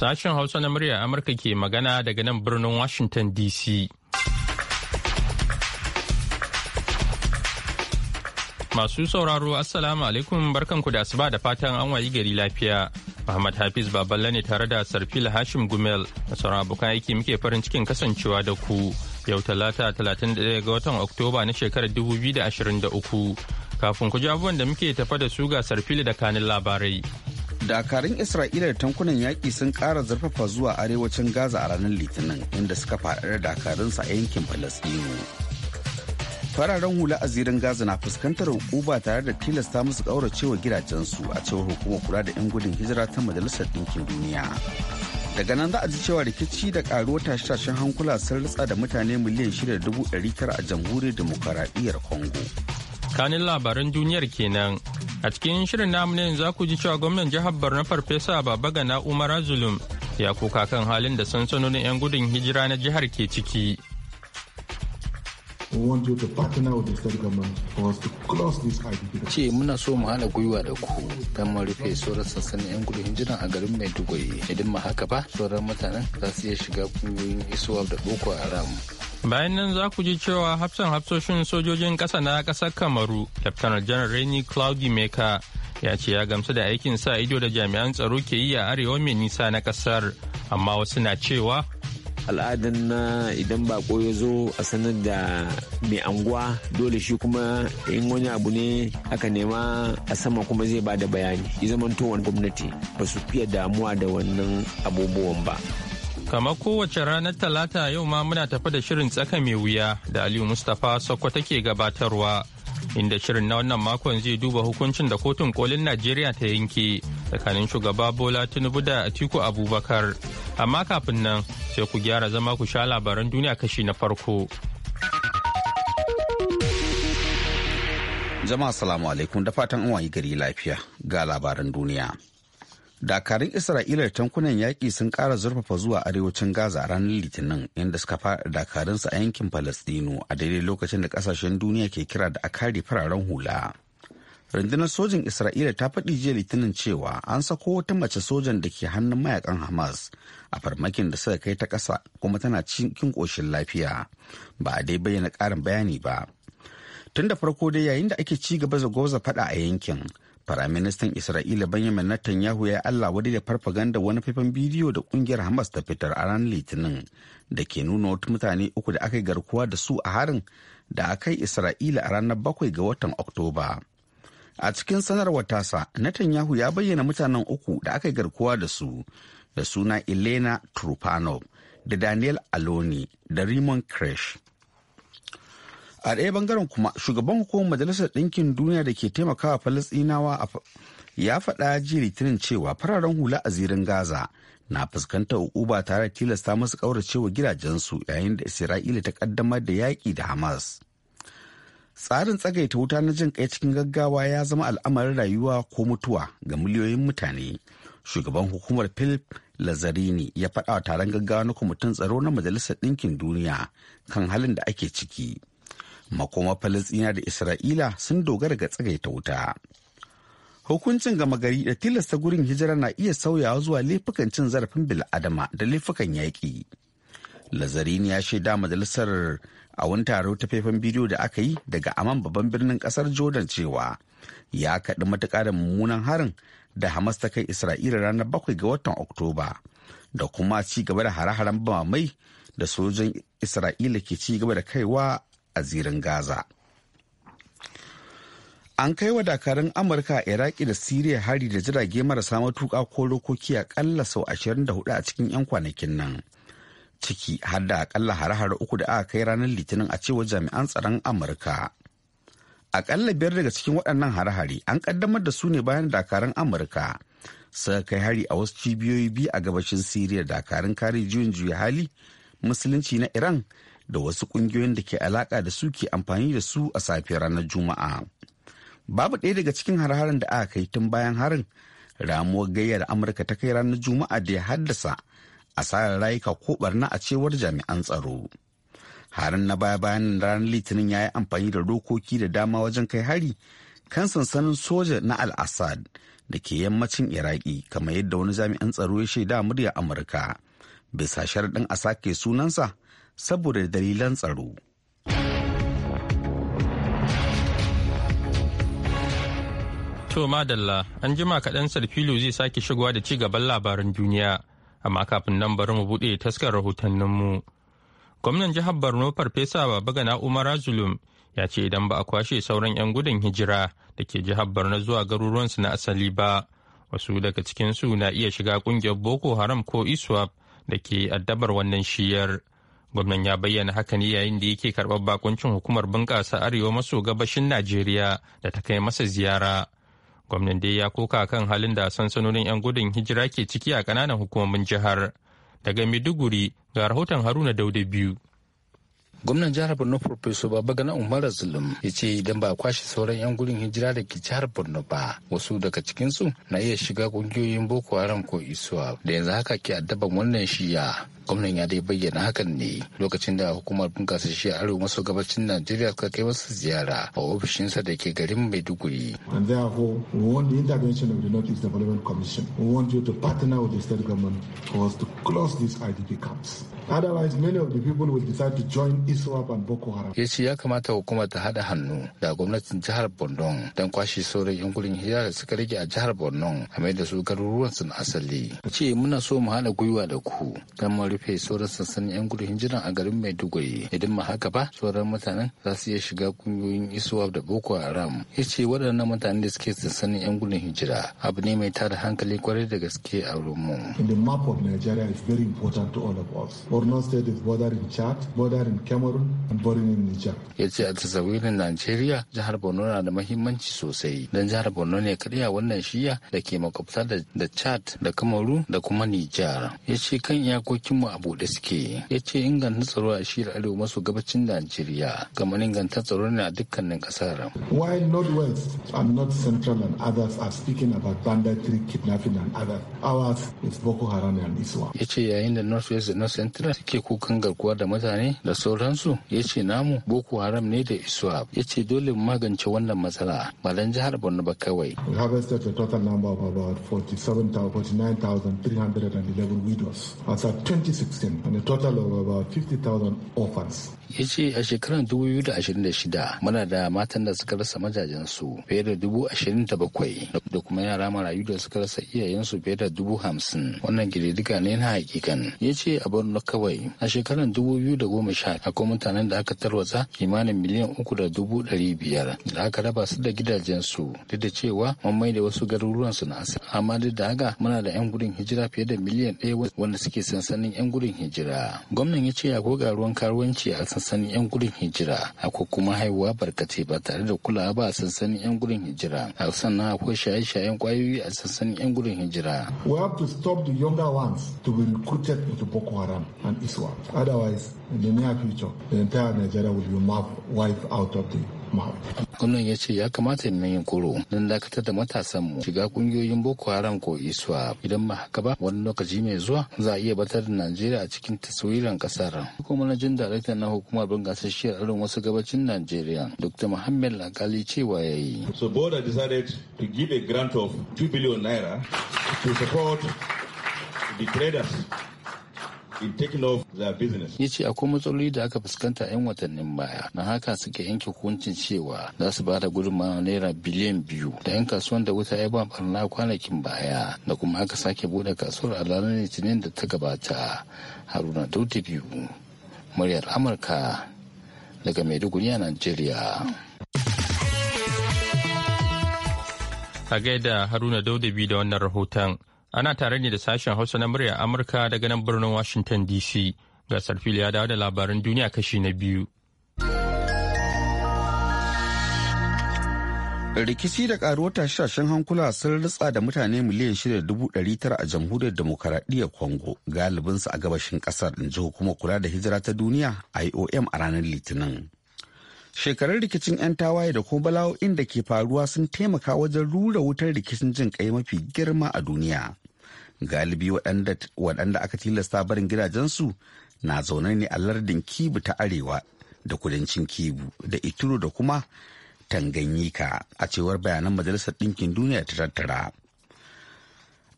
Sashen Hausa na murya Amurka ke magana daga nan birnin Washington DC. Masu sauraro Assalamu alaikum barkanku da asuba da fatan an wayi gari lafiya. Muhammad Hafiz Baballe ne tare da Sarfil Hashim Gumel da sauran abokan aiki muke farin cikin kasancewa da ku. Yau talata 31 ga watan Oktoba na shekarar 2023. Kafin ku ji abubuwan da muke tafa da su ga Sarfil da kanin labarai. dakarun isra'ila da tankunan yaƙi sun ƙara zarfafa zuwa arewacin gaza a ranar litinin inda suka da dakarunsa a yankin Falasɗinu. fararen hula a zirin gaza na fuskantar hukuma tare da tilasta musu ƙauracewa gidajensu a cewar hukumar kula da 'yan gudun hijira ta majalisar ɗinkin duniya daga nan za a ji cewa rikici da ƙaruwar tashe-tashen hankula sun ritsa da mutane miliyan shida da dubu ɗari tara a jamhuriyar demokaradiyyar congo kanin labaran duniyar kenan A cikin shirin namu ne za ku ji cewa gwamnan jihar Borno Farfesa Babagana Umar Zulum ya kuka kan halin da sansanonin 'yan gudun hijira na jihar ke ciki. ce muna so mu hana gwiwa da ku don mu rufe sauran sassanin 'yan gudun hijira a garin maiduguri idan ma haka ba sauran mutanen za su iya shiga kungiyoyin isuwa da boko ramu. bayan nan za ku ji cewa hafsan hafsoshin sojojin ƙasa na ƙasar kamaru lieutenant general rainy claudi meka ya ce ya gamsu da aikin sa ido da jami'an tsaro ke yi a arewa mai nisa na ƙasar amma wasu na cewa al'adar na idan bako ya zo a sanar da mai anguwa dole shi kuma in wani abu ne aka nema a sama kuma zai ba da bayani ya zamanto wani gwamnati ba su fiye damuwa da wannan abubuwan ba kamar kowace ranar talata yau ma muna tafi da shirin tsaka mai wuya da aliyu mustapha sokko take gabatarwa inda shirin na wannan makon zai duba hukuncin da kotun kolin najeriya ta yanke tsakanin shugaba bola tinubu da atiku abubakar Amma kafin nan sai ku gyara zama ku sha labaran duniya kashi na farko. Jama'a salamu alaikum da fatan an wayi gari lafiya ga labaran duniya. Dakarun Isra'ila da tankunan yaƙi sun ƙara zurfafa zuwa arewacin Gaza a ranar Litinin inda suka fara dakarunsu a yankin Falastinu a daidai lokacin da ƙasashen duniya ke kira da a kare fararen hula. rundunar sojin isra'ila ta faɗi jiya litinin cewa an sako wata mace sojan da ke hannun mayakan hamas a farmakin da suka kai ta ƙasa kuma tana cikin ƙoshin lafiya ba a dai bayyana ƙarin bayani ba tun da farko dai yayin da ake ci gaba zagoza faɗa a yankin firaministan isra'ila benjamin netanyahu ya allah wadai da farfaganda wani faifan bidiyo da kungiyar hamas ta fitar a ranar litinin da ke nuna wata mutane uku da aka yi garkuwa da su a harin da aka yi isra'ila a ranar bakwai ga watan oktoba a cikin sanarwar tasa netanyahu ya bayyana mutanen uku da aka yi garkuwa da su da suna elena trupanov da daniel aloni da raymond kresh a ɗaya bangaren kuma shugaban hukumar majalisar ɗinkin duniya da ke taimakawa falasɗinawa ya faɗa ji litinin cewa fararen hula a zirin gaza na fuskantar ba tare da tilasta masu ƙauracewa gidajensu yayin da isra'ila ta ƙaddamar da yaƙi da hamas tsarin tsagaita wuta na jin kai cikin gaggawa ya zama al'amarin rayuwa ko mutuwa ga miliyoyin mutane shugaban hukumar philip lazarini ya faɗa wa taron gaggawa na kwamitin tsaro na majalisar ɗinkin duniya kan halin da ake ciki makoma falastina da isra'ila sun dogara ga tsagaita wuta hukuncin gama gari da tilasta gurin hijira na iya sauyawa zuwa laifukan cin zarafin bil'adama da laifukan yaƙi lazarini ya shaida majalisar a wani taro ta faifan bidiyo da aka yi daga aman babban birnin kasar jordan cewa ya kaɗi matuƙa da mummunan harin da hamas ta kai isra'ila ranar bakwai ga watan oktoba da kuma ci gaba da hare-haren bamamai da sojojin isra'ila ke ci gaba da kaiwa a zirin gaza an kai wa dakarun amurka a iraki da siriya hari da jirage marasa matuka ko rokoki akalla sau 24 a cikin 'yan kwanakin nan ciki har da akalla hare-hare uku da aka kai ranar litinin a cewar jami'an tsaron amurka akalla biyar daga cikin waɗannan hare-hare an kaddamar da su ne bayan dakarun amurka suka kai hari a wasu cibiyoyi biyu a gabashin siriya dakarun kare juyin juya hali musulunci na iran da wasu ƙungiyoyin da ke alaƙa da su ke amfani da su a safe ranar juma'a babu ɗaya daga cikin har-haren da aka kai tun bayan harin ramuwar gayyar amurka ta kai ranar juma'a da ya haddasa asarar rayuka ko barna a cewar jami'an tsaro harin na baya bayan ranar litinin ya yi amfani da dokoki da dama wajen kai hari kan sansanin soja na al-assad da ke yammacin iraki kamar yadda wani jami'an tsaro ya shaida murya amurka bisa sharaɗin a sake sunansa saboda dalilan tsaro to madalla an jima kaɗan sarfilo zai sake shigowa da ci gaban labaran duniya amma kafin nan bari mu buɗe taskar rahotanninmu. Gwamnan jihar Borno Farfesa Babagana Umar Zulum ya ce idan ba a kwashe sauran 'yan gudun hijira da ke jihar Borno zuwa garuruwansu na asali ba, wasu daga cikinsu na iya shiga kungiyar Boko Haram ko ISWAP da ke addabar wannan shiyar. Gwamnan ya bayyana haka ne yayin da yake karɓar bakuncin hukumar bunƙasa arewa maso gabashin Najeriya da ta kai masa ziyara. gwamnan dai ya koka kan halin da sansanonin 'yan gudun hijira ke ciki a kananan hukumomin jihar daga maiduguri ga rahoton haruna dauda biyu gwamnan jihar borno professor gana umar zulum ya ce idan ba kwashe sauran yan gudun hijira da ke jihar borno ba wasu daga cikinsu na iya shiga kungiyoyin boko haram ko isuwa da yanzu haka ke addaban wannan shiya gwamnan ya dai bayyana hakan ne lokacin da hukumar bunkasa shi a arewa maso gabashin najeriya suka kai wasu ziyara a ofishinsa da ke garin maiduguri and therefore we want the intervention of the northeast development commission we want you to partner with the state government for us to close these idp camps otherwise many of the people will decide to join iswap and boko haram ya ce ya kamata hukumar ta haɗa hannu da gwamnatin jihar borno don kwashe sauran yan hira da suka rage a jihar borno a mai da su garuruwan sun asali ce muna so mu hana gwiwa da ku don mu rufe sauran sansanin 'yan gudun hijira a garin Maiduguri. Idan ma haka ba, sauran mutanen za su iya shiga kungiyoyin isuwa da Boko Haram. Ya ce waɗannan mutanen da suke sansanin 'yan gudun hijira abu ne mai tada hankali kwarai da gaske a rumu. In the map of Nigeria is very important to all of us. Borno state is bordering Chad, bordering Cameroon and Ya ce a tasawirin Najeriya jihar Borno na da mahimmanci sosai. don jihar Borno ne kaɗai a wannan shiya da ke makwabta da Chad da Kamaru da kuma Nijar. Ya ce kan iyakokinmu a buɗe suke ya ce inganta tsaro a shiyar arewa maso gabacin najeriya kamar inganta tsaro a dukkanin kasar while northwest and north central and others are speaking about banditry kidnapping and others ours is boko haram and iswa ya ce yayin da northwest da north central suke kukan garkuwa da mutane da sauransu ya ce namu boko haram ne da iswa ya ce dole mu magance wannan matsala ba jihar borno ba kawai we harvested a total number of about 47,000 49,311 widows as at 2016 and a total of about 50,000 orphans. ya ce a shekarar 2026 muna da matan da suka rasa majajensu fiye da 27,000 da kuma yara marayu da suka rasa iyayensu fiye da 50,000 wannan duka ne na hakikan ya ce a borno kawai a shekarar 2010 akwai mutanen da aka tarwatsa kimanin miliyan uku da dubu biyar da aka raba su da gidajensu duk da cewa mun mai da wasu garuruwan su na asali amma duk da haka muna da 'yan gudun hijira fiye da miliyan ɗaya wanda suke sansanin 'yan gudun hijira gwamnan ya ce akwai garuwan karuwanci a sansanin 'yan gudun hijira akwai kuma haihuwa barkatai ba tare da kulawa ba a sansanin 'yan gudun hijira a sannan akwai shaye-shayen kwayoyi a sansanin 'yan gudun hijira we have to stop the younger ones to be recruited into boko haram and iswa otherwise in the near future the entire nigeria will be wiped out of the Gwamnan ya ce ya kamata ne yin koro don dakatar da matasan mu shiga kungiyoyin Boko Haram ko Iswa idan ba haka ba wani lokaci mai zuwa za a iya batar da Najeriya a cikin taswiran kasar. Kuma manajin darakta na hukumar bin gasasshiyar irin wasu gabacin Najeriya Dr. Muhammad Lakali cewa ya yi. So board decided to give a grant of 2 billion naira to support the traders Ya ce akwai matsaloli da aka fuskanta 'yan watannin baya, na haka suke yanke hukuncin cewa za su ba da gudunmawa naira biliyan biyu da 'yan kasuwan da wuta ya ba barna kwanakin baya da kuma aka sake bude kasuwar a ranar litinin da ta gabata. Haruna Dauti biyu, muryar Amurka daga Maiduguri a nigeria. A gaida Haruna Daudabi da wannan rahoton. Ana tare ne da sashen Hausa na murya Amurka daga nan birnin Washington DC. Gasar fili ya dawo da labaran duniya kashi na biyu. Rikici da karuwar tashashen hankula sun ritsa da mutane miliyan 6,900 a jamhuriyar demokaradiyyar Congo galibinsu a gabashin kasar in ji hukumar kula da hijira ta duniya IOM a ranar Litinin. shekarun rikicin 'yan tawaye da kuma bala'o'in da ke faruwa sun taimaka wajen rura wutar rikicin jin kai mafi girma a duniya galibi waɗanda aka tilasta barin gidajensu na zaune ne a lardin kibu ta arewa da kudancin kibu da ituro da kuma tanganyika a cewar bayanan majalisar ɗinkin duniya ta tattara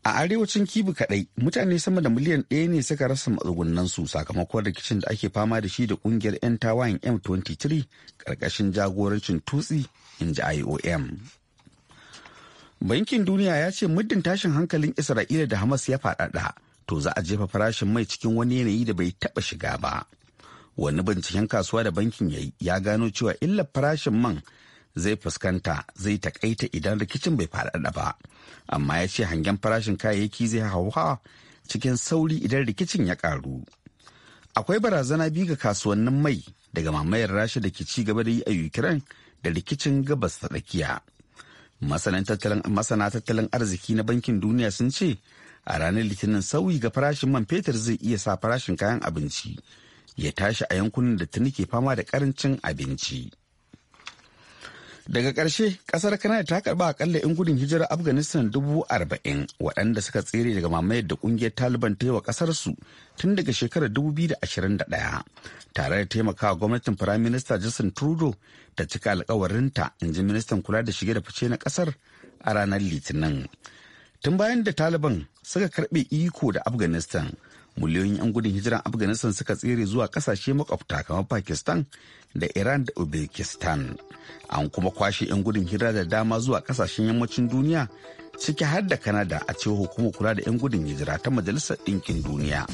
a arewacin kibu kadai mutane sama da miliyan ɗaya ne suka rasa su sakamakon rikicin da ake fama da shi da kungiyar 'yan tawayen m23 ƙarƙashin jagorancin tutsi in ji iom bankin duniya ya ce muddin tashin hankalin isra'ila da hamas ya faɗaɗa to za a jefa farashin mai cikin wani yanayi da bai taɓa shiga ba wani binciken kasuwa da bankin ya gano cewa illar farashin man zai fuskanta zai takaita idan rikicin bai faɗaɗa ba amma ya ce hangen farashin kayayyaki zai hauha cikin sauri idan rikicin ya ƙaru akwai barazana biyu ga kasuwannin mai daga mamayar rasha da ke ci gaba da yi a ukraine da rikicin gabas ta tsakiya masana tattalin arziki na bankin duniya sun ce a ranar litinin sauyi ga farashin man fetur zai iya sa farashin kayan abinci ya tashi a yankunan da tuni ke fama da karancin abinci. daga ƙarshe ƙasar kanada ta karɓa akalla 'yan gudun hijirar afghanistan dubu arba'in waɗanda suka tsere daga mamayar da ƙungiyar taliban ta yi wa ƙasarsu tun daga shekarar 2021 tare da taimakawa gwamnatin firaminista justin trudeau ta cika alkawarinta in ji ministan kula da shige da fice na ƙasar a ranar litinin tun bayan da taliban suka karɓe iko da afghanistan miliyoyin 'yan gudun hijiran afghanistan suka tsere zuwa kasashe makwabta kamar pakistan da iran da uzbekistan an kuma kwashe 'yan gudun hijira da dama zuwa kasashen yammacin duniya ciki har da kanada a cewa hukumar kula da 'yan gudun hijira ta majalisar ɗinkin duniya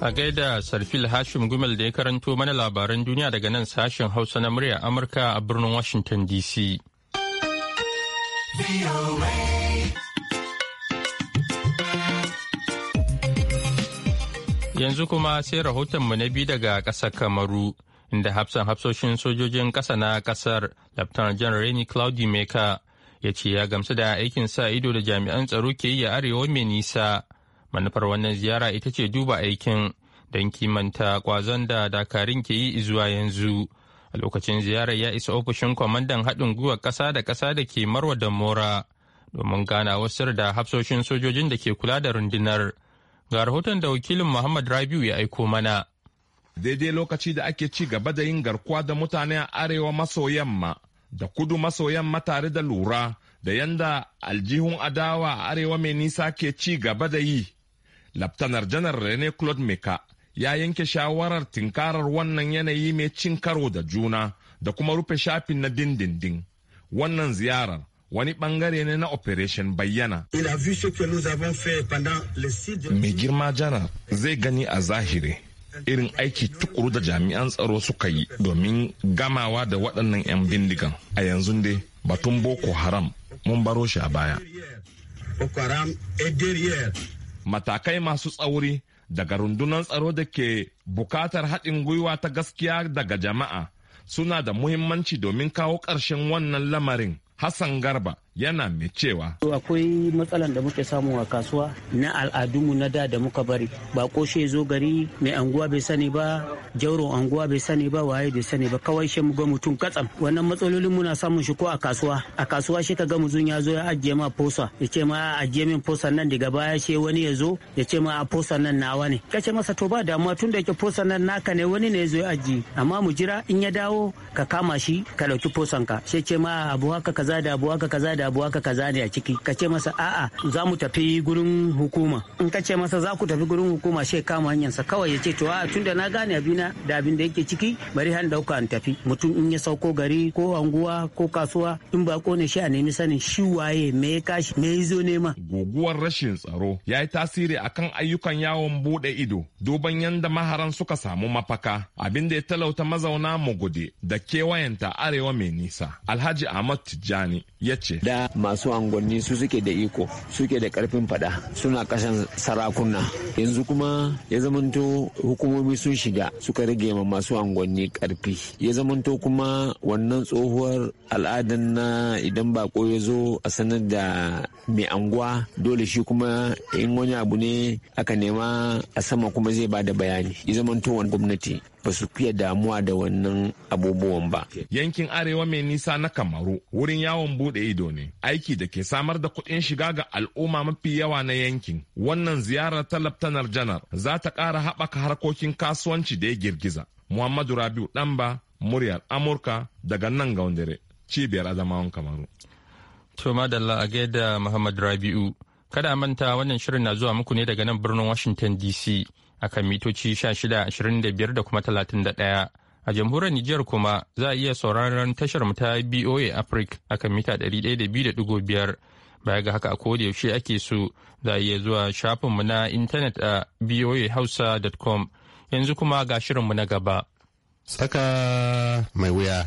a gaida sarfil hashim gumel da ya karanto mana labaran duniya daga nan sashen hausa na murya amurka a birnin washington dc Yanzu kuma sai rahotonmu na biyu daga ƙasar Kamaru, inda hafsan hafsoshin sojojin ƙasa na ƙasar Laftanar Jan Reni Claudi Meka ya ce ya gamsu da aikin sa ido da jami'an tsaro ke yi a arewa mai nisa. Manufar wannan ziyara ita ce duba aikin don kimanta kwazon da dakarin ke yi zuwa yanzu. A lokacin ziyarar ya isa ofishin kwamandan haɗin gwiwar ƙasa da ƙasa da ke Marwa da Mora domin gana wasu da hafsoshin sojojin da ke kula da rundunar. Ga rahoton da wakilin Muhammad Rabiu ya aiko mana. Daidai lokaci da ake ci gaba da yin garkuwa da mutane a arewa maso yamma da kudu maso yamma tare da lura da yanda aljihun adawa a arewa mai nisa ke ci gaba da yi. Laftanar janar Rene Claude Meka ya yanke shawarar tinkarar wannan yanayi mai cin karo da juna da kuma rufe shafin na dindindin. Wannan ziyarar wani bangare ne na operation bayyana. Mai girma jana zai gani a zahiri irin aiki tukuru da jami'an tsaro suka yi domin gamawa da waɗannan 'yan bindigan a yanzu dai batun boko haram mun baro shi a baya. Matakai masu tsauri daga rundunar tsaro da ke bukatar haɗin gwiwa ta gaskiya daga jama'a suna da muhimmanci domin kawo ƙarshen wannan lamarin. Hassan Garba yana mai cewa. Akwai matsalan da muke samu a kasuwa na al'adunmu na da da muka bari. Ba koshe zo gari mai anguwa bai sani ba, jauro anguwa bai sani ba, waye bai sani ba, kawai shi ga mutum katsam. Wannan matsalolin muna samun shi ko a kasuwa. A kasuwa shi ka ga mutum ya zo ya ajiye ma posa, ya ce ma ajiye min posa nan daga baya shi wani ya zo ya ce ma a posa nan nawa ne. Ka ce masa to ba damuwa tun da ke posa nan naka ne wani ne ya zo ya ajiye. Amma mu jira in ya dawo ka kama shi ka ɗauki posan ka. Shi ce ma abu haka kaza da abu haka kaza da abu haka kaza ne a ciki ka ce masa a'a za mu tafi gurin hukuma in ka ce masa za ku tafi gurin hukuma shi kama hanyarsa kawai ya ce to a tunda na gane abina da abin da yake ciki bari han dauka an tafi mutum in ya sauko gari ko anguwa ko kasuwa in ba ne shi a nemi sanin shi waye me ya kashi me ya zo nema guguwar rashin tsaro ya yi tasiri akan ayyukan yawon bude ido duban yanda maharan suka samu mafaka abin da ya talauta mazauna mugudi da kewayenta arewa mai nisa alhaji ahmad tijjani ya ce da baya masu angonni su suke da iko suke da karfin fada suna kasan sarakuna yanzu kuma ya zamanto hukumomi sun shiga suka rage ma masu angonni karfi ya zamanto kuma wannan tsohuwar al'adan na idan bako ya zo a sanar da mai anguwa dole shi kuma in wani abu ne aka nema a sama kuma zai ba da bayani ya zamanto wani gwamnati ba su fiye damuwa da wannan abubuwan ba. Yankin arewa mai nisa na Kamaru wurin yawon bude ido ne aiki da ke samar da kuɗin shiga ga al'umma mafi yawa na yankin. Wannan ziyarar ta Laftanar Janar za ta ƙara haɓaka harkokin kasuwanci da ya girgiza. Muhammadu Rabiu Ɗanba muryar Amurka daga nan ga wandere cibiyar Adamawan Kamaru. To madalla a gaida muhammadu Rabiu. Kada manta wannan shirin na zuwa muku ne daga nan birnin Washington DC. a kan mitoci 1625 da kuma 31 a jamhuriyar Nijar kuma za a iya sauraron tashar mu ta BOA Africa a kan mita 102.5 baya ga haka a koda yaushe ake so za a iya zuwa shafinmu na intanet a boahausa.com yanzu kuma ga shirinmu na gaba. Saka mai wuya.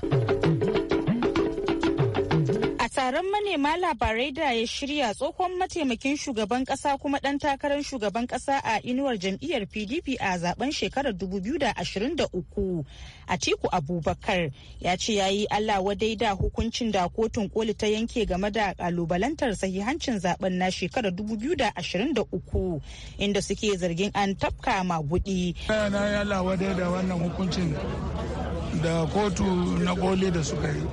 taron manema labarai da ya shirya tsohon mataimakin shugaban kasa kuma dan takarar shugaban kasa a inuwar jam'iyyar pdp a zaben shekarar 2023 atiku abubakar ya ce ya yi allah wadai da hukuncin da kotun koli ta yanke game da kalubalantar sahihancin zaben na shekarar 2023 inda suke zargin an tafka magudi na da wannan hukuncin da kotu na koli da suka yi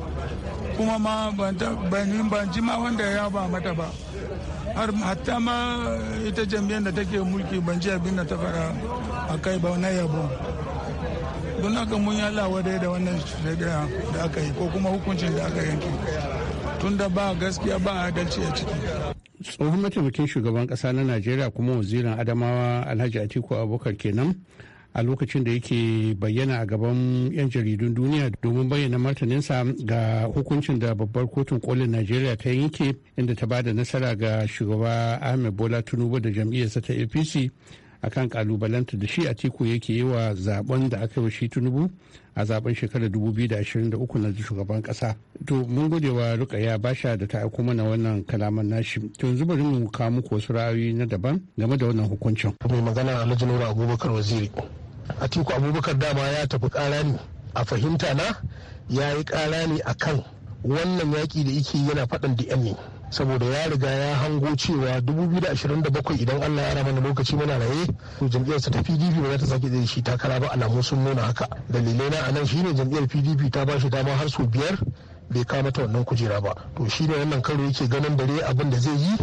kuma ma ban ji ma wanda ya ba mata ba har hatta ma ita jami'an da take mulki ban ji abin da ta fara a kai ba na yabo don haka mun yi lawa dai da wannan shari'a da aka yi ko kuma hukuncin da aka yanke da ba gaskiya ba adalci a ciki tsohon mataimakin shugaban kasa na najeriya kuma wazirin adamawa alhaji atiku abubakar kenan a lokacin da yake bayyana a gaban 'yan jaridun duniya domin bayyana martaninsa ga hukuncin da babbar kotun kolin najeriya ta yanke inda ta ba da nasara ga shugaba ahmed bola tunubu da jam'iyyarsa ta apc akan kalubalanta da shi a tiku yake yi wa zaben da aka yi shi tinubu a zaben shekarar 2023 na shugaban kasa to mun gode wa rukaya basha da ta aiko mana wannan kalaman nashi to yanzu bari mu kawo muku wasu ra'ayoyi na daban game da wannan hukuncin mai magana alhaji nura abubakar waziri atiku abubakar dama ya tafi kara ne a fahimta na ya yi kara ne a kan wannan yaƙi da yake yana faɗan dm ne saboda ya riga ya hango cewa 2027 idan allah ya rama lokaci mana raye to jam'iyyarsa ta pdp ba za ta sake zai shi takara ba alamu sun nuna haka dalilai na anan shine jam'iyyar pdp ta ba shi dama har sau biyar bai kama ta wannan kujera ba to shine wannan karo yake ganin dare abin da zai yi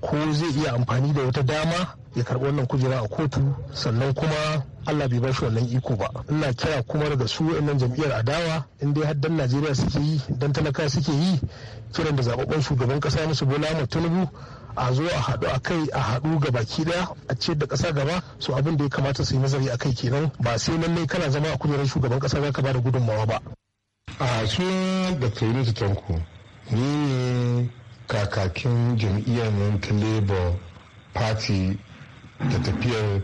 ko zai iya amfani da wata dama ya karɓi wannan kujera a kotu sannan kuma Allah bai bar shi wannan iko ba ina kira kuma daga su wa'annan jam'iyyar adawa in dai haddan Najeriya suke yi dan talaka suke yi kiran da zababban shugaban kasa musu Bola Ahmed Tinubu a zo a haɗu a kai a haɗu ga baki a ciyar da ƙasa gaba so abin da ya kamata su yi nazari a kai kenan ba sai nan ne kana zama a kujerar shugaban ƙasa za ka ba da gudunmawa ba. a sunan da kai yi tanko ni kakakin jam'iyyar nan ta labour party da tafiyar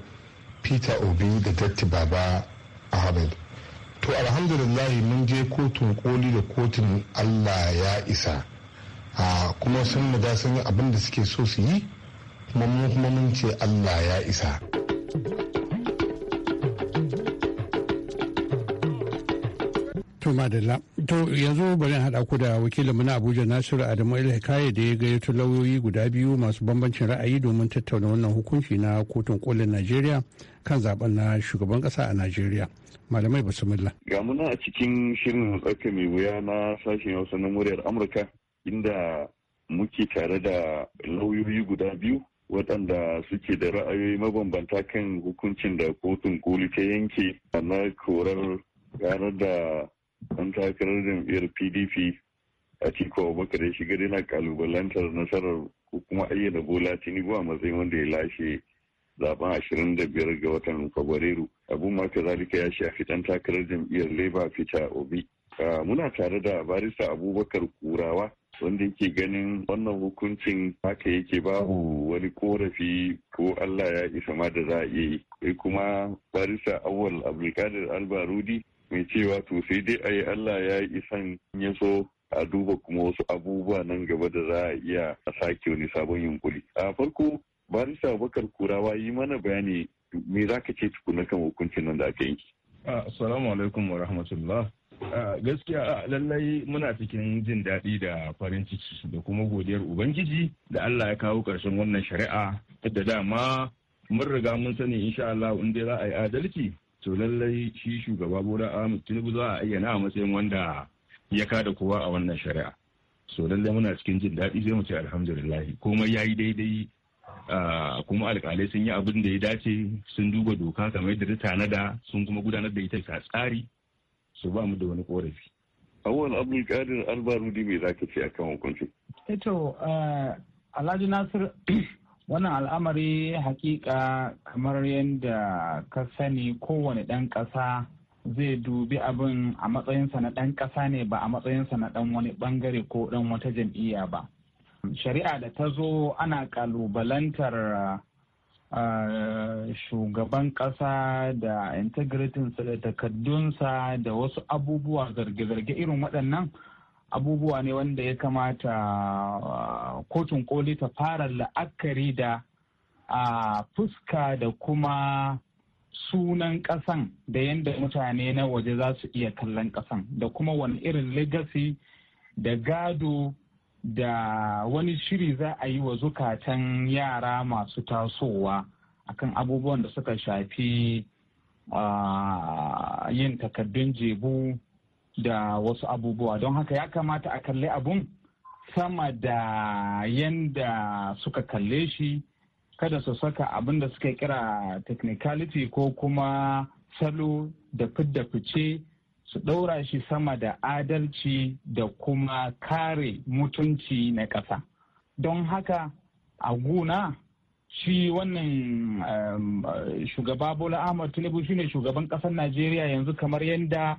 peter obi da datti baba ahmed to alhamdulillahi mun je kotun koli da kotun allah ya isa a kuma sun da sun yi abin da suke so su yi kuma mun kuma mun ce allah ya isa To madalla. To yanzu bari haɗa ku da wakilinmu na Abuja Nasiru Adamu Ilhikaye da ya gayyato lauyoyi guda biyu masu bambancin ra'ayi domin tattauna wannan hukunci na kotun kolin Najeriya kan zaben na shugaban ƙasa a Najeriya. Malamai basumilla. Ga muna a cikin shirin tsaka mai wuya na sashen Hausa na muryar Amurka inda muke tare da lauyoyi guda biyu waɗanda suke da ra'ayoyi mabambanta kan hukuncin da kotun koli ta yanke na korar gara da ɗan takarar jam'iyyar pdp a ciko abubakar ya shiga yana kalubalantar nasarar ko kuma ayyana bola tinubu a matsayin wanda ya lashe zaben ashirin da biyar ga watan fabrairu abun ma zalika ya shafi ɗan takarar jam'iyyar labour fita obi muna tare da barista abubakar kurawa wanda yake ganin wannan hukuncin haka yake babu wani korafi ko Allah ya isa ma da za a iya yi. kuma barista awal Abdulkadir Albarudi mai cewa to sai dai a yi Allah ya yi isan ya so a duba kuma wasu abubuwa nan gaba da za a iya a sake wani sabon yunkuri. A farko barista Abubakar kurawa yi mana bayani me za ka ce tukuna kan hukuncin nan da aka yanki. Assalamu alaikum wa rahmatullah. gaskiya lallai muna cikin jin daɗi da farin ciki da kuma godiyar ubangiji da Allah ya kawo ƙarshen wannan shari'a da dama mun riga mun sani insha Allah in dai za a yi adalci to lallai shi shugaba bola ahmed tinubu za a ayyana a matsayin wanda ya kada kowa a wannan shari'a so lallai muna cikin jin daɗi zai mu ce alhamdulillah komai ya yi daidai kuma alkalai sun yi abin da ya dace sun duba doka kamar yadda ta tanada sun kuma gudanar da ita ta tsari so ba mu da wani korafi awwal abdulkadir albarudi me za ka ce akan hukuncin eto eh alhaji nasir wannan al'amari hakika kamar yadda ka sani kowane ɗan ƙasa zai dubi abin a matsayinsa na ɗan ƙasa ne ba a matsayinsa na ɗan wani ɓangare ko ɗan wata jam'iyya ba shari'a da ta zo ana ƙalubalantar ah, shugaban ƙasa da integritinsa da takaddunsa da wasu abubuwa zarge-zarge irin waɗannan abubuwa ne wanda ya kamata uh, kotun koli ta fara la'akari da a uh, fuska da kuma sunan kasan da yadda mutane na waje za su iya kallon kasan da kuma wani irin legacy da gado da wani shiri za a yi wa zukatan yara masu tasowa akan abubuwan da suka shafi uh, yin takardun jebu da wasu abubuwa don haka ya kamata a kalli abun sama da yanda suka kalle shi kada su saka abin da suka kira technicality ko kuma salo da fidda fice su ɗaura shi sama da adalci da kuma kare mutunci na ƙasa don haka a guna shi wannan eh, shugaba bola ahmad tinubu shine shugaban ƙasar najeriya yanzu kamar yadda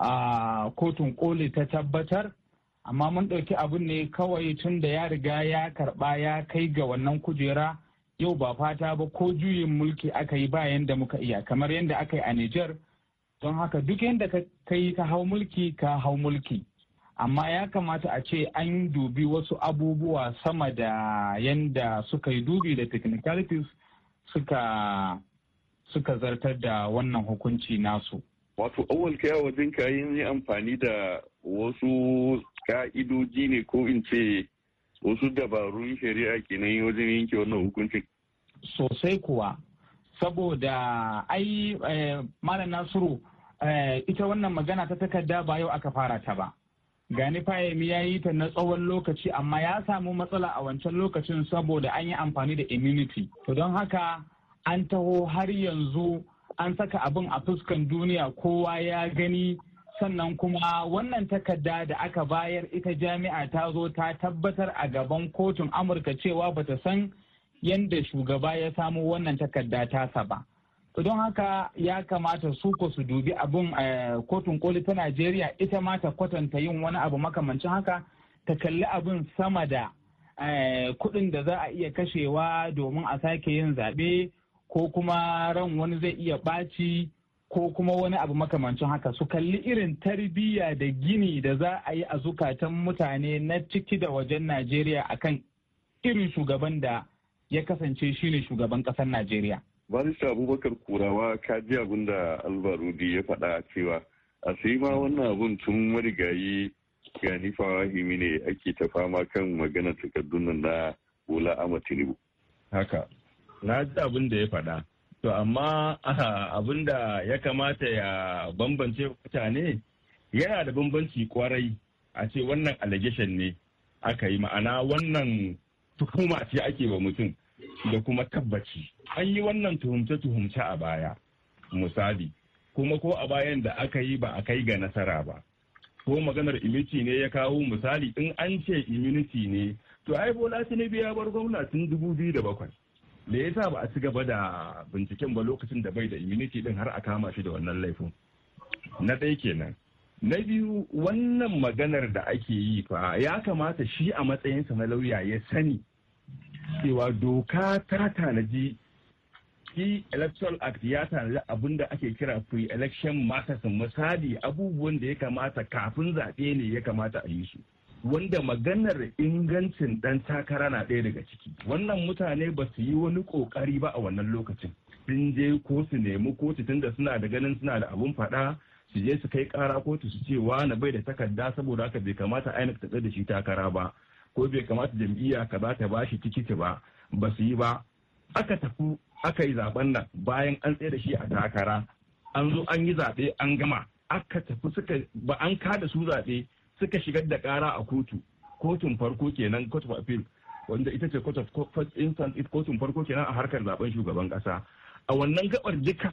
a kotun koli ta tabbatar amma mun ɗauki abin ne kawai tun da ya riga ya karɓa ya kai ga wannan kujera yau ba fata ba ko juyin mulki aka yi bayan da muka iya kamar yadda aka yi a Nijar don haka duk yadda ka kai ka hau mulki ka hau mulki amma ya kamata a ce an dubi wasu abubuwa sama da yadda suka yi dubi da technicalities suka suka zartar da wannan hukunci nasu. Wato awal kai a wajen kayan yi amfani da wasu ka'idoji ne ko in ce wasu dabarun shari'a kenan wajen yanke wannan hukuncin. Sosai kuwa, saboda ai eh, malam Nasiru eh, ita wannan magana ta takarda ba yau aka fara ta ba. Gani fayami ya yi ta na tsawon lokaci amma ya samu matsala a wancan lokacin saboda an yi amfani da immunity. To don haka an taho har yanzu an saka abin a fuskan duniya kowa ya gani sannan kuma wannan takarda da aka bayar ita jami'a ta zo ta tabbatar a gaban kotun amurka cewa bata san yadda shugaba ya samu wannan takarda tasa ba don haka ya kamata su ko su dubi abin eh, kotun koli ta najeriya ita ma ta kwatanta yin wani abu makamancin haka ta kalli abin sama da eh, kudin da za a iya kashewa domin a sake yin zaɓe ko kuma ran wani zai iya ɓaci ko kuma wani abu makamancin haka su kalli irin tarbiyya da gini da za a yi a zukatan mutane na ciki da wajen najeriya akan irin shugaban da ya kasance shine shugaban ƙasar najeriya barista abubakar kurawa kaji ji abin da albarudi ya faɗa cewa a sai ma wannan abun tun marigayi gani fawahimi ne ake ta fama kan magana takardun na bola ama haka na ji abin da ya faɗa to amma abin da ya kamata ya bambance mutane yana da bambanci kwarai a ce wannan allegation ne aka yi ma'ana wannan tuhuma ce ake ba mutum da kuma tabbaci an yi wannan tuhumce-tuhumce a baya misali kuma ko a bayan da aka yi ba a kai ga nasara ba ko maganar imiti ne ya kawo misali in an ce immunity ne to ai bola tinubu ya bar gwamna tun dubu biyu da bakwai me yasa ba a ci gaba da binciken ba lokacin da bai da immunity din har a kama shi da wannan laifin na ɗaya kenan na biyu wannan maganar da ake yi fa ya kamata shi a matsayinsa na lauya ya sani cewa doka ta tanaji shi electoral act ya tanaji abin da ake kira pre-election matters misali abubuwan da ya kamata kafin zaɓe ne ya kamata a yi su wanda maganar ingancin ɗan takara na ɗaya daga ciki wannan mutane ba su yi wani ƙoƙari ba a wannan lokacin sun je ko su nemi kotu tunda suna da ganin suna da abun faɗa su je su kai ƙara kotu su ce wa na bai da takarda saboda haka bai kamata a ta da shi takara ba ko bai kamata jam'iyya ka za ta bashi tikiti ba ba su yi ba aka tafi aka yi zaben nan bayan an tsaye da shi a takara an zo an yi zaɓe an gama aka tafi suka ba an kada su zaɓe suka shigar da kara a kotu kotun farko kenan court of appeal wanda ita ce court of first instance kotun farko kenan a harkar zaben shugaban kasa a wannan gabar duka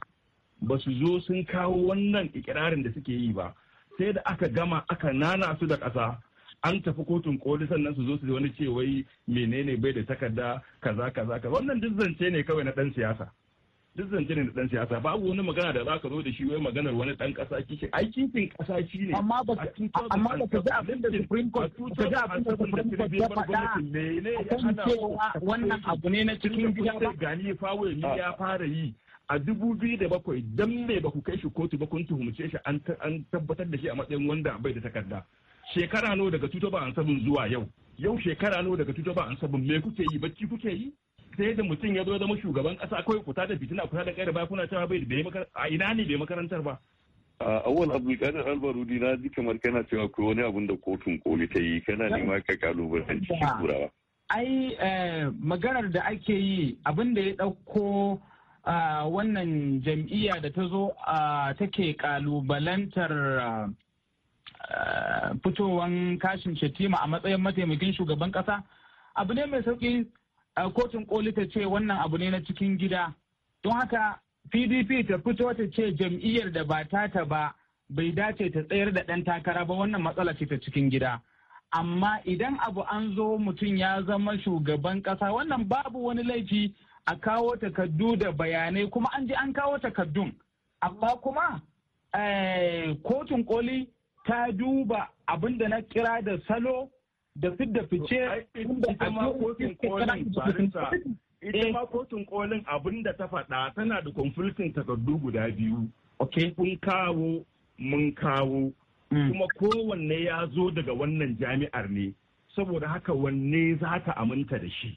ba su zo sun kawo wannan ikirarin da suke yi ba sai da aka gama aka nana su da kasa an tafi kotun koli sannan su zo su wani ce wai menene bai da takarda kaza kaza kaza wannan duk zance ne kawai na dan siyasa duk zance ne da dan siyasa babu wani magana da za ka zo da shi wai maganar wani dan kasa kishi ai kishin kasa shi ne amma ba amma ba ka ji abin da supreme court ka ji abin da supreme court ya faɗa ne akan cewa wannan abu ne na cikin gida ba gani wai ni ah. ya fara yi a dubu biyu da bakwai dan me ba ku kai shi kotu ba kun tuhumce shi an tabbatar da shi a matsayin wanda bai da takarda shekara nawa daga 2007 zuwa yau yau shekara nawa daga 2007 me kuke yi bacci kuke yi sai da mutum ya zo ya zama shugaban kasa akwai kuta da fitina kuta da kai da baya kuna cewa bai da a ina ne bai makarantar ba a awal abdulkadir albarudi na ji kamar kana cewa akwai wani abun da kotun koli ta yi kana nema ka kalubalanci turawa ai eh, maganar da ake yi abin da ya dauko wannan jam'iyya da ta zo take kalubalantar fitowan kashin shetima a matsayin mataimakin shugaban kasa abu ne mai sauƙi kotun koli ta ce wannan abu ne na cikin gida don haka pdp ta fito ta ce jam'iyyar da ba ta ta ba bai dace ta tsayar da ɗan takara ba wannan matsala ce ta cikin gida amma idan abu an zo mutum ya zama shugaban ƙasa wannan babu wani laifi a kawo takardu da bayanai kuma an ji an kawo takardun amma kuma eh, kotun koli ta duba abin da na kira da salo da da fice ita ma kotun kolin abinda ita eh. ma kotun kolin abin ta faɗa tana da conflicting takardu guda biyu kun kawo mun kawo mm. kuma kowanne ya zo daga wannan jami'ar ne saboda haka wanne za ta aminta da shi.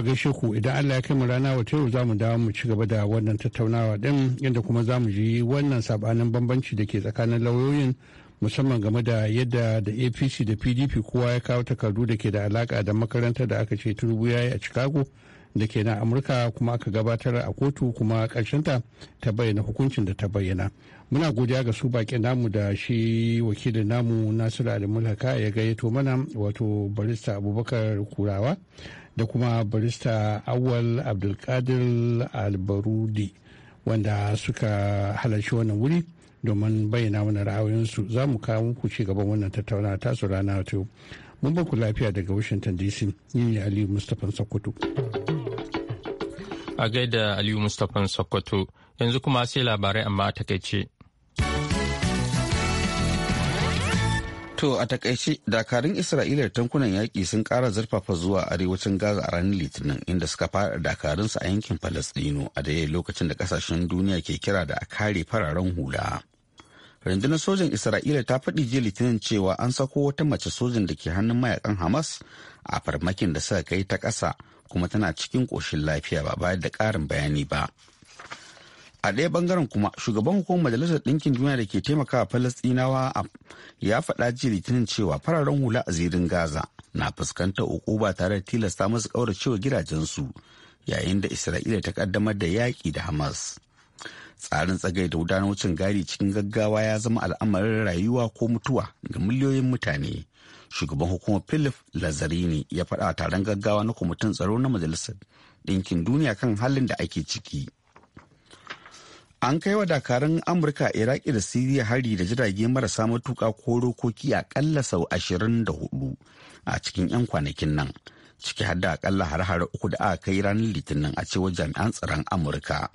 a gaishe ku idan Allah ya kai mu rana wata yau za mu dawo mu ci gaba da wannan tattaunawa din inda kuma za mu ji wannan sabanin bambanci da ke tsakanin lauyoyin musamman game da yadda da apc da pdp kowa ya kawo takardu da ke da alaka da makarantar da aka ce turbu ya yi a chicago da ke na amurka kuma aka gabatar a kotu kuma ta ta bayyana hukuncin da ta bayyana muna godiya ga su baki namu da shi wakilin namu nasiru alimulaka ya gayyato mana wato barista abubakar kurawa da kuma barista awal abdulkadir albarudi wanda suka halarci wannan wuri domin bayyana mana ra'ayoyinsu za mu kawo muku ci gaban wannan tattaunawa tasu rana ta yau mun ba ku lafiya daga washington dc ni ne aliyu mustapha sokoto a gaida aliyu mustapha sokoto yanzu kuma sai labarai amma a takaice To a takaice dakarun Isra'ila da tankunan yaƙi sun kara zurfafa zuwa arewacin Gaza a ranar Litinin inda suka fara dakarun su a yankin Falasɗinu a daya lokacin da ƙasashen duniya ke kira da a kare fararen hula. Rundunar sojan Isra'ila ta faɗi jiya Litinin cewa an sako wata mace sojan da ke hannun mayakan Hamas a farmakin da suka kai ta ƙasa kuma tana cikin ƙoshin lafiya ba bayar da ƙarin bayani ba. a ɗaya bangaren kuma shugaban hukumar majalisar ɗinkin duniya da ke taimakawa falastinawa ya faɗa ji litinin cewa fararen hula a zirin gaza na fuskantar ba tare da tilasta musu ƙauracewa gidajensu yayin da isra'ila ta ƙaddamar da yaƙi da hamas tsarin tsagai da gudanar wucin gari cikin gaggawa ya zama al'amarin rayuwa ko mutuwa ga miliyoyin mutane shugaban hukumar philip lazarini ya faɗa taron gaggawa na kwamitin tsaro na majalisar ɗinkin duniya kan halin da ake ciki an kai wa dakarun amurka iraki da siriya hari da jirage marasa matuka ko rokoki kalla sau ashirin da 24 a cikin 'yan kwanakin nan ciki har da akalla har-har uku da aka kai ranar litinin a cewar jami'an tsaron amurka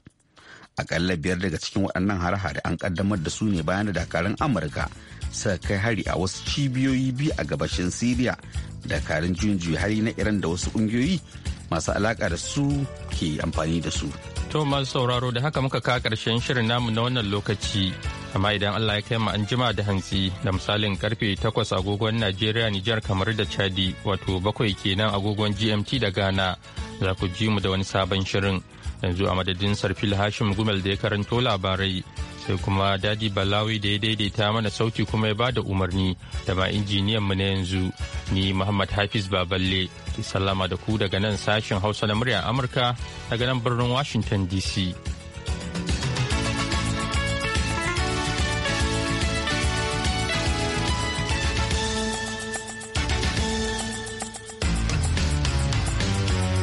akalla biyar daga cikin waɗannan har-har an kaddamar da su ne bayan da dakarun amurka suka kai hari a wasu cibiyoyi biyu a gabashin siriya dakarun juyin hari na iran da wasu ƙungiyoyi masu alaƙa da su ke amfani da su. To masu sauraro da haka muka kawo karshen shirin namu na wannan lokaci. Amma idan Allah ya kai mu an jima da hantsi da misalin karfe 8 agogon Najeriya Nijar kamar da Chadi wato bakwai kenan agogon GMT da Ghana za ku ji mu da wani sabon shirin. Yanzu a madadin Sarfil Hashim Gumel da ya karanto labarai sai kuma Dadi Balawi da ya daidaita mana sauti kuma ya bada umarni da ma injiniyan mu na yanzu ni Muhammad Hafiz Baballe. sallama da ku daga nan sashen Hausa na muryar Amurka daga nan birnin Washington DC.